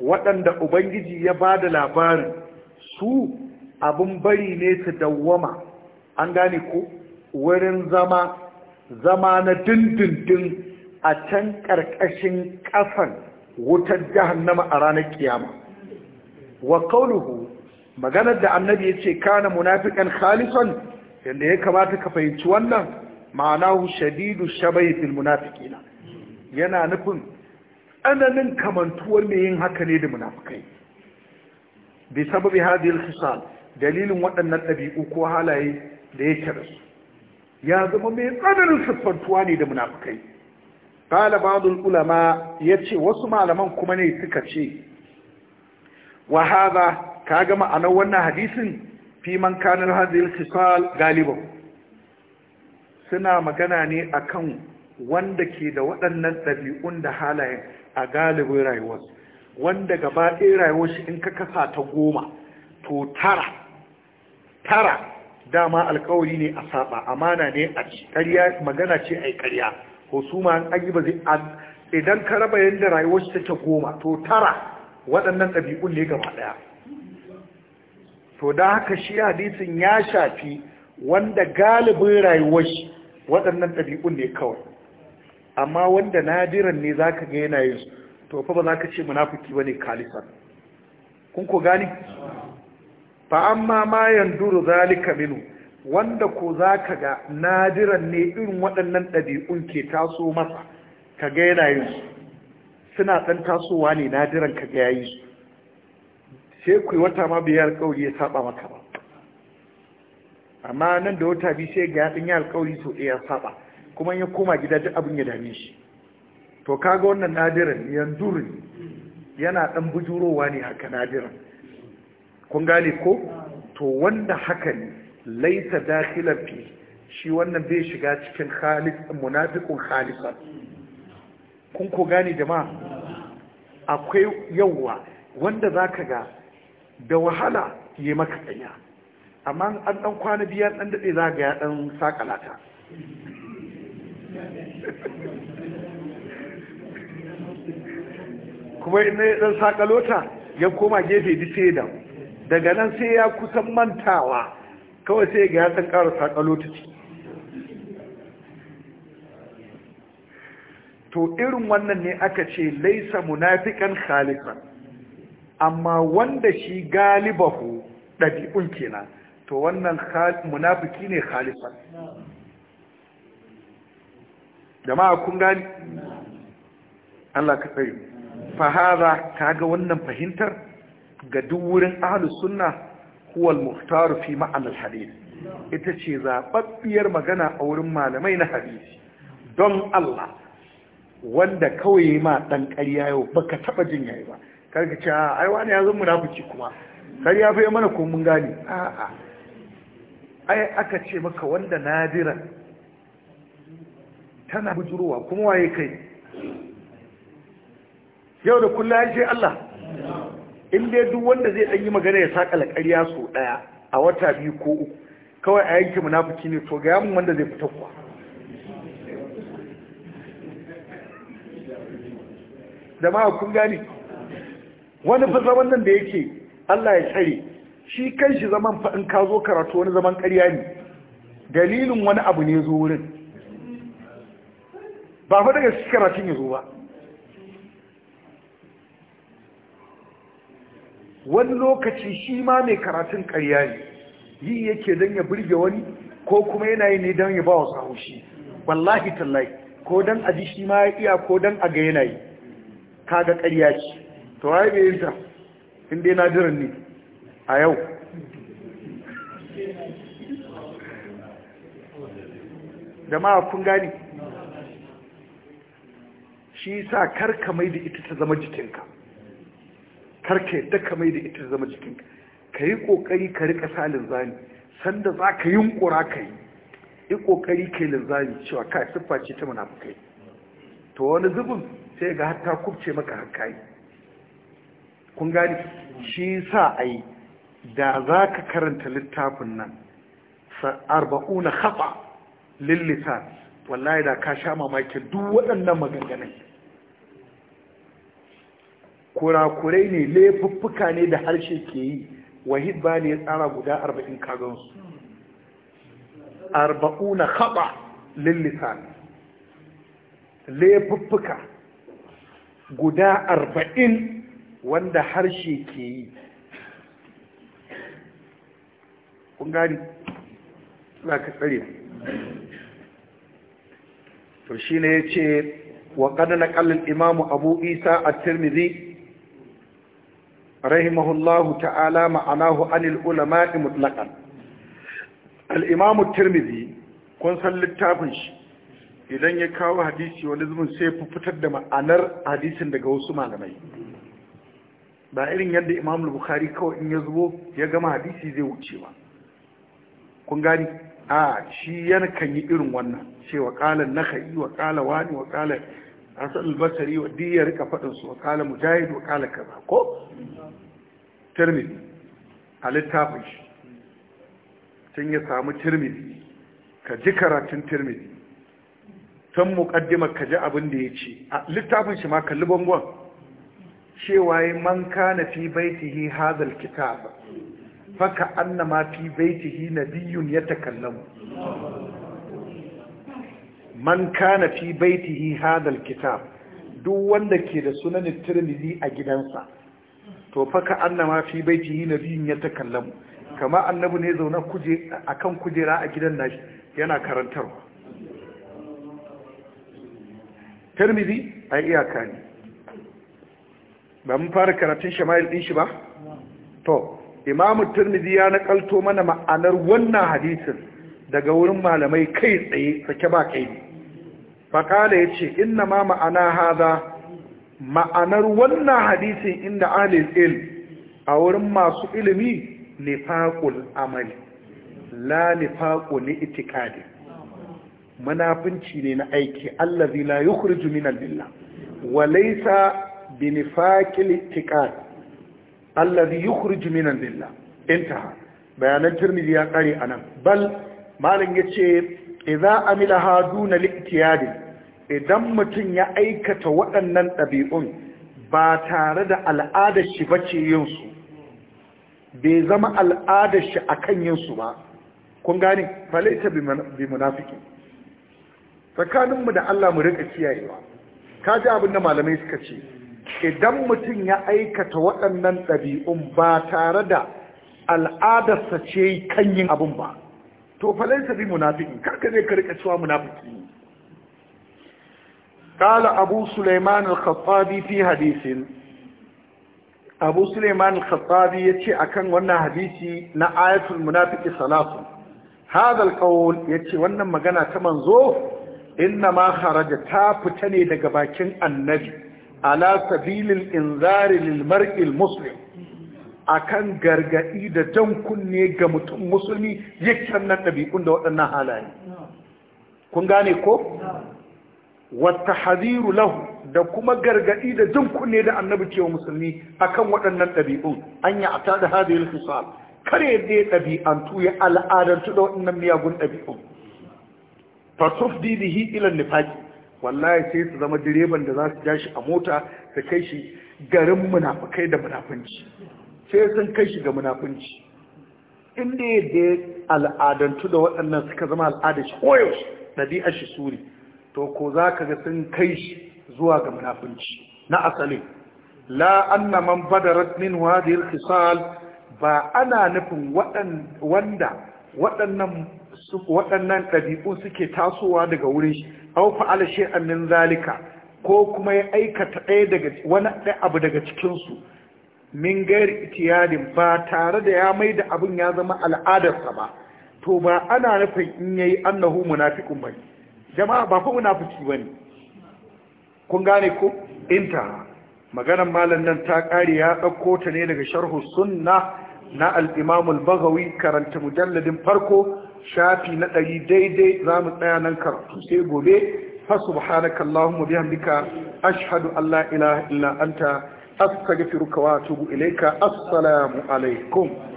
S1: waɗanda ubangiji ya ba da labarin su abun bari ne su dawwama an gane ko wurin zama zama na dindindin a can ƙarƙashin ƙasan wutar jahannama a ranar kiyama wa kauluhu maganar da annabi ya ce kana munafikan khalisan yadda ya kamata ka fahimci wannan ma'anahu shadidu shabai fil yana nufin tsananin kamantuwar mai yin haka ne da munafikai bi sababi hadhihi al dalilin waɗannan ɗabi'u ko halaye da yake da su ya zama mai tsananin siffantuwa ne da munafikai qala ba'd ulama yace wasu malaman kuma ne suka ce wa hadha Ka ga ma'anar wannan hadisin fi man kanar hadil al galibin suna magana ne akan wanda ke da waɗannan ɗabi'un da halayen a galibin rayuwar wanda gaba ɗaya rayuwar shi in ka kasa ta goma to tara tara dama alkawari ne a saba amana ne a ƙarya magana ce a yi ƙarya ma an yi ba zai idan ka raba yadda rayuwar shi take goma to tara waɗannan ɗabi'un ne gaba ɗaya to da haka shi hadisin ya shafi wanda galibin rayuwar shi waɗannan ɗabi'un ne kawai amma wanda nadiran ne za ka ga yanayin su to fa ba za ka ce munafuki ba ne kalifar. kun ko gani fa amma ma yanduru zalika minu wanda ko za ka ga nadiran ne irin waɗannan ɗabi'un ke taso masa ka ga yanayin su suna ɗan tasowa ne nadiran ka ga yayi su sai ku yi wata ma biyar alƙawari ya saba maka ba amma nan da wata biyu sai ga yadin ya alƙawari so ɗaya saba kuma ya koma gida duk abin ya dame shi to kaga wannan nadirin yanzu yana ɗan bujurowa ne haka nadirin kun gane ko to wanda haka ne laisa dakilan fi shi wannan bai shiga cikin khalif munafiqun khalisan kun ko gane jama'a akwai yawa wanda zaka ga da wahala ya maka ɗanya. amma an ɗan kwana biyar ɗan daɗe za ga ya ɗan sakalata kuma na ya ɗan sakalota ya koma gefe disedam daga nan sai ya kusan mantawa kawai sai ga ya ɗan ƙara sakalota ce to irin wannan ne aka ce laisa munafikan khalisan amma wanda shi galibahu ɗabi'un kenan to wannan munafiki ne khalifan jama'a kun gani Allah ka tsaye fahaza ga wannan fahimtar ga duk wurin sunna kuwal al-muhtar fi ma'an al ita ce zababbiyar magana a wurin malamai na hadisi don Allah wanda kawai ma dan ƙarya yau baka taɓa jin yayi ba karka ce a ai wani ya zan munafiki kuma kar ya fiye mana ko mun gane a'a ai aka ce maka wanda nadiran tana bujurowa kuma waye kai yau da kullum ya ce Allah in dai duk wanda zai ɗan yi magana ya saƙa laƙariya so ɗaya a wata biyu ko uku kawai a yanki munafuki ne to ga yamin wanda zai fita kuwa Da ma kun gane wani fi zaman nan da yake Allah ya tsare shi kan shi zaman fa in ka zo karatu wani zaman ƙarya ne dalilin wani abu ne zo wurin ba fa daga cikin karatun ya zo ba wani lokaci shi ma mai karatun ƙarya ne yi yake don ya burge wani ko kuma yana yi ne don ya ba wa haushi wallahi tallahi ko don a ji shi ma ya iya ko don a ga yanayi kaga ƙarya ce to waye bai yin ta in dai na jiran ne a yau jama'a kun gani shi sa karka mai da ita ta zama jikinka karka yadda ka mai da ita ta zama jikinka ka yi ƙoƙari ka riƙa sa linzani, sanda za ka yi ƙura ka yi yi ƙoƙari ka yi linzani, cewa ka siffa ce ta munafukai to wani zubin sai ga hatta kubce maka hankali. kun gani shi sa ai da za ka karanta littafin nan arba'una haɓa lillisan wallahi da ka sha mamaki duk waɗannan maganganun kurakurai ne laifuffuka ne da harshe ke yi wahid ba ne ya tsara guda arba'in kagansu arba'una haɓa lillisan laifuffuka guda arba'in wanda harshe ke yi kun gani za ka tsare to ne ya ce wa ƙadana ƙallin imamu abu isa a tirmidhi rahimahullahu ta'ala ma'anahu anil ulama mutlaqan al-imamu tirmidhi kun san littafin shi idan ya kawo hadisi wani zubin sai fitar da ma'anar hadisin daga wasu malamai ba irin yadda imam bukhari kawai in ya zubo ya gama hadisi zai wuce ba kun gani a shi yana kan yi irin wannan cewa na ka'i wa kala wani wa kala hasan albasari wa diya rika fadin wa kala mujahid wa kala kaza ko tirmidhi a littafin shi tun ya samu tirmidhi ka ji karatun tirmidhi tun muqaddimar ka ji abin da ya ce a littafin shi ma kalli bangon cewa man kana fi baitihi hadha alkitab faka annama fi baitihi ya takallamu man kana fi baitihi hadal alkitab duk wanda ke da sunan tirmidhi a gidansa to faka annama fi baitihi ya takallamu kama annabi ne zaune kuje akan kujera a gidan nashi yana karantarwa tirmidhi ai iyaka ne ba mun fara karatun shama'il din shi ba to imamu turmizi ya nakalto mana ma'anar wannan hadisin daga wurin malamai kai tsaye sake ba kai faƙala ya ce inna ma ma'ana haza ma'anar wannan hadisin inda alil il a wurin masu ilimi nifaƙul amali la nifaƙo ni itikadi munafunci ne na aiki allazi la yukhriju min al-billah wa laysa binifakil tiqat alladhi yukhrij min al-billah intaha bayanan tirmidhi ya kare anan bal malin yace idza amilaha duna li'tiyad idan mutum ya aikata waɗannan ɗabi'un ba tare da al'adar shi bace yinsu, bai zama al'adar shi a kan yinsu ba kun gane falaita bi munafiki tsakaninmu da Allah mu rika kiyayewa kaji abin da malamai suka ce idan mutum ya aikata waɗannan ɗabi'un ba tare da al'adarsa ce kan yin abin ba to fa falai bi munafiki karka zai karka cewa munafiki ne قال ابو سليمان الخطابي في حديث ابو سليمان الخطابي يتي akan wannan hadisi na ayatul munafiqi salatu hada alqawl yace wannan magana ta manzo inna ma kharaja ta fita ne daga bakin annabi ala Sabilin, inzari lil mar'il muslim akan gargaɗi da jan kunne ga mutum musulmi yakan nan ɗabi'un da waɗannan halaye kun gane ko wata hadiru lahu da kuma gargaɗi da jan kunne da annabi cewa musulmi akan waɗannan ɗabi'un an yi a ta da hadiyar fisal kare dai ɗabi'antu ya al'adantu da waɗannan miyagun ɗabi'un fasuf didihi ilan nifaki wallahi sai su zama direban da za su ja shi a mota su kai shi garin munafukai da munafunci sai sun kai shi ga munafunci inda yadda al'adantu da waɗannan suka zama al'adar shi koyaushe ɗabi'ar shi suri to ko za ka ga sun kai shi zuwa ga munafunci na asali la anna man badarat min hadhihi ba ana nufin wanda waɗannan waɗannan ɗabi'u suke tasowa daga wurin shi aw fa'ala shay'an min zalika ko kuma ya aikata ɗaya daga wani abu daga cikin su min gairi itiyadin ba tare da ya mai da abin ya zama al'adarsa ba to ba ana nufin in yayi annahu munafiqun ba jama'a ba fa munafiki bane kun gane ko inta maganar malam nan ta kare ya dauko ta ne daga sharhu sunna na al-imam al karanta mujalladin farko shafi na ɗari daidai za mu tsaya nan karatu sai gobe fa subhanaka allahumma bihamdika ashhadu an la ilaha illa anta astaghfiruka wa ilaika, ilayka assalamu alaikum